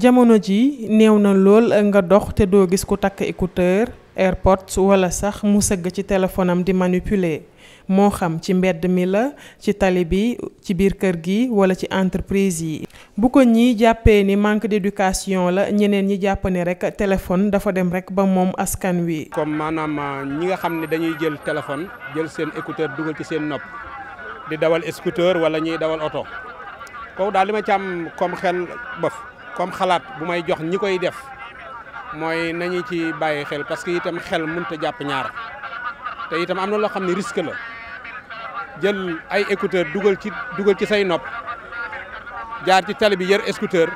jamono ji néew na lool nga dox te doo gis ku takk écouteur airpods wala sax mu sëgg ci téléphone am di manipuler moo xam ci mbedd mi la ci tali bi ci biir kër gi wala ci entreprise yi. bu ko ñi jàppee ni manque d'éducation la ñeneen ñi jàpp ne rek téléphone dafa dem rek ba moom askan wi. comme maanaam euh, ñi nga xam ne dañuy jël téléphone jël seen écouteur dugal ci seen nopp di dawal scooter wala ñuy dawal oto kooku daal li ma ci comme xel bëf comme xalaat bu may jox ñi koy def mooy nañu ci bàyyi xel parce que itam xel mënut a jàpp ñaar te itam am na loo xam ne risque la jël ay écouteur dugal ci dugal ci say nopp jaar ci tali bi yër écouteur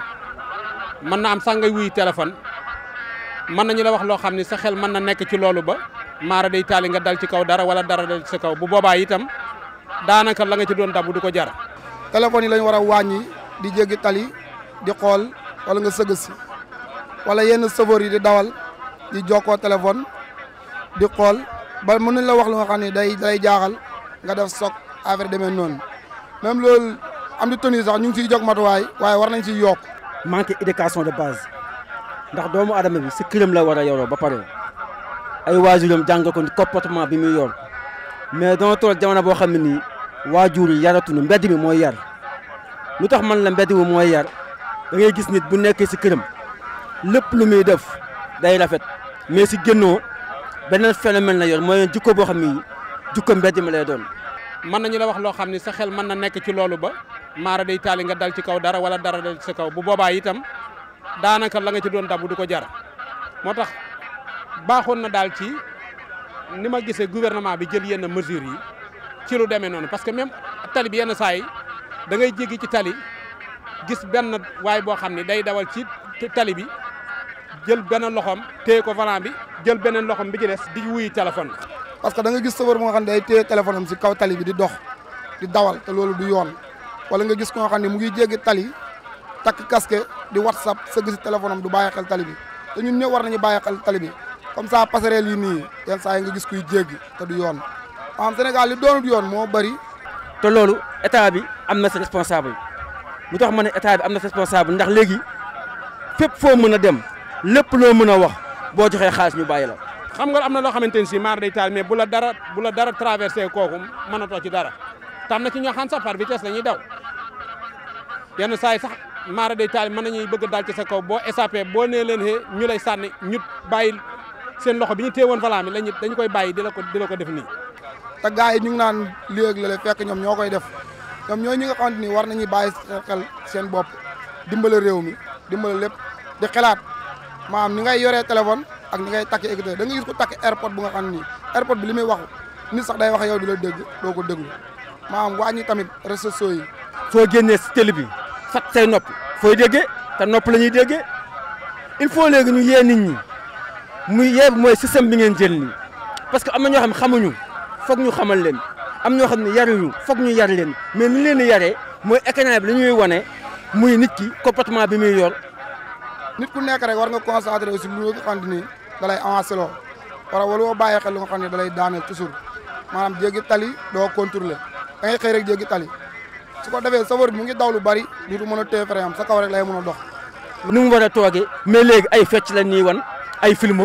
mën na am sax ngay wuy téléphone mën nañu la wax loo xam ne sa xel mën na nekk ci loolu ba maara day taali nga dal ci kaw dara wala dara dal ci kaw bu boobaa itam daanaka la nga ci doon dabu di ko jar. téléphone yi lañu war a wàññi di jéggi tali di xool. wala nga sëgg si wala yenn chauffeur yi di dawal di jokkoo téléphone di xool ba mënuñ la wax lu nga xam day day jaaxal nga def soog affaire demee noonu même loolu am di tenue sax ñu ngi siy jog matuwaay waaye war nañ si yokk. manque éducation de base ndax doomu adama bi si këram la war a yoroo ba pare ay waajuram jàng ko comportement bi muy yor mais doo toll jamono boo xam ne nii waajur yi yaratuñu mbedd mi mooy yar lu tax man la mbedd mi mooy yar. da ngay gis nit bu nekkee si këram lépp lu muy def day rafet mais si génnoo beneen phénomène la yor mooy jikko boo xam ni jikko mbedd mi lay doon. mën nañu la wax loo xam ni sa xel mën na nekk ci loolu ba maara day taali nga dal ci kaw dara wala dara dal ci sa kaw bu boobaa itam daanaka la nga ci doon dabu di ko jar moo tax baaxoon na daal ci ni ma gisee gouvernement bi jël yenn mesures yi ci lu demee noonu parce que même tali bi yenn saa yi da ngay jéggi ci tali. gis benn waay boo xam ne day dawal ci tali bi jël benn loxoom téye ko volant bi jël beneen loxom bi ci des di wuyu téléphone parce que danga gis gis sofër moo xam ne day téye téléphone am si kaw tali bi di dox di dawal te loolu du yoon wala nga gis koo xam ne mu ngi jéggi tali takk casque di whatsapp sa gis téléphone du bàyyi xel tali bi te ñun ñëpp war nañu bàyyi xel tali bi comme ça passerelle yi nii yenn saa yi nga gis kuy jéggi te du yoon maanaam Sénégal li doonut yoon moo bëri. te loolu état bi am na si responsable. lu tax ma ne état bi am na responsable ndax léegi fépp foo mën a dem lépp loo mën a wax boo joxee xaalis ñu bàyyi la. xam nga am na loo xamante ni si maar day taal mais bu la dara bu la dara traversé kooku mënatoo ci dara tam na ci ñoo xam sax par vitesse la ñuy daw yenn saa yi sax maar day taal mën nañuy bëgg daal ci sa kaw boo échappé boo nee leen he ñu lay sànni ñu bàyyi seen loxo bi ñu téewoon falaam lañu dañu koy bàyyi di la ko di ko def nii. ta gars ñu ngi naan léeg-léeg fekk ñoom ñoo koy def. ñoom ñoo ñi nga xamante ni war nañu baay seen bopp dimbale réew mi dimbale lépp di xalaat maanaam ni ngay yore téléphone ak ni ngay takk écouteur da nga gis ko takk airpod bu nga xam ni airpod bi li muy wax nit sax day wax yow di la dégg doo ko déglu maanaam wàññi tamit réseaux sociaux yi. soo génnee si télé bi fat say nopp fooy déggee te nopp la ñuy déggee il faut léegi ñu yee nit ñi muy yee mooy système bi ngeen jël nii parce que am na ñoo xam xamuñu foog ñu xamal leen. am ñoo xam ne yaruñu foog ñu yar leen mais ni leen di yaree mooy écran bi la ñuy wane muy nit ki comportement bi muy yor. nit ku nekk rek war nga concentré aussi lu nga xam ni da lay avancé loo wala wala bàyyi xel lu nga xam ne da lay daaneel toujours maanaam jéggi tali doo contrôler da ngay xëy rek tali su ko defee safar mu ngi daw lu bari du mën a téye am sa kaw rek lay mën a dox. ni mu war a toogee mais léegi ay fecc la ñuy wan ay film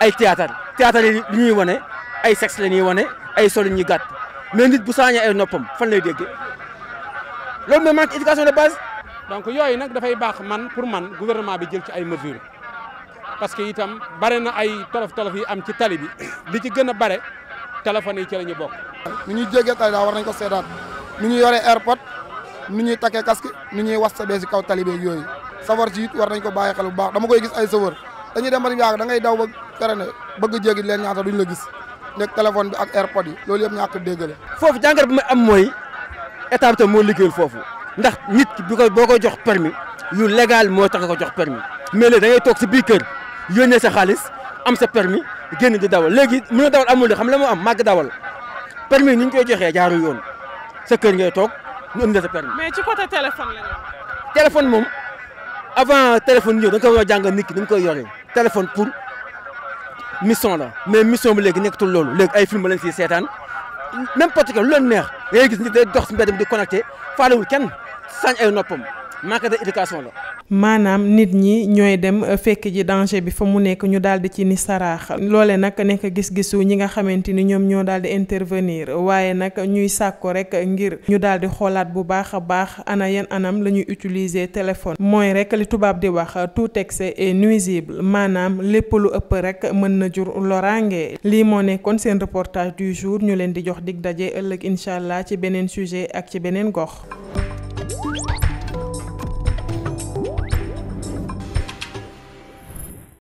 ay théâtre théâtre yi ñuy wane ay sexe la ñuy wane ay sol ñu gàtt. mais nit bu saañee ay noppam fan lay déggee loolu mooy manque éducation de base. donc yooyu nag dafay baax man pour man gouvernement bi jël ci ay mesures parce que itam bare na ay tolof tolof yi am ci tali bi li ci gën a bare téléphones yi ci la ñu bokk. nu ñuy jéggee tali daal war nañ ko seetaat nu ñuy yore airport nu ñuy takkee casque nu ñuy was sa bee si kaw tali yooyu safar ci it war nañ ko bàyyi xel bu baax dama koy gis ay safar dañuy dem ba yàgg da ngay daw ba fere ne bëgg jéggi leen ñaata duñ la gis. nekk téléphone bi ak airpod yi loolu yëpp ñàkk déggale foofu jàngat bi may am mooy état bi tam moo liggéeyul foofu ndax nit bi boo koy jox permis yu légal moo tax ko jox permis mais léegi da ngay toog si biir kër yónnee sa xaalis am sa permis génn di dawal léegi mën a amul de xam la moo am màgg dawal permis ni ñu koy joxee jaaru yoon sa kër ngay toog ñu indi sa permis. mais ci côté téléphone la téléphone moom avant téléphone ñëw da nga ko war a ki ni mu koy yoree téléphone pour. mission la mais mission bi léegi nekkatul loolu léegi ay film lañ siy seetaan même parce que lu neex da ngay gis nit day dox si mbedd mi di connecté faalewul kenn sañ ay noppam manque d'éducation la maanaam nit ñi ñooy dem euh, fekk ji danger bi fa mu nekk ñu daal di ci ni saraax loole nag nekk gis-gisu ñi nga xamante ni ñoom ñoo daal di intervenir waaye nag ñuy sàkko rek ngir ñu daal di xoolaat bu baax a baax ana yan anam la ñuy utiliser téléphone mooy rek li tubaab di wax tout excès est nuisible maanaam lépp lu ëpp rek mën na jur loraange lii moo nekkoon seen reportage du jour ñu leen di jox dig daje ëllëg incha allah ci beneen sujet ak ci beneen gox.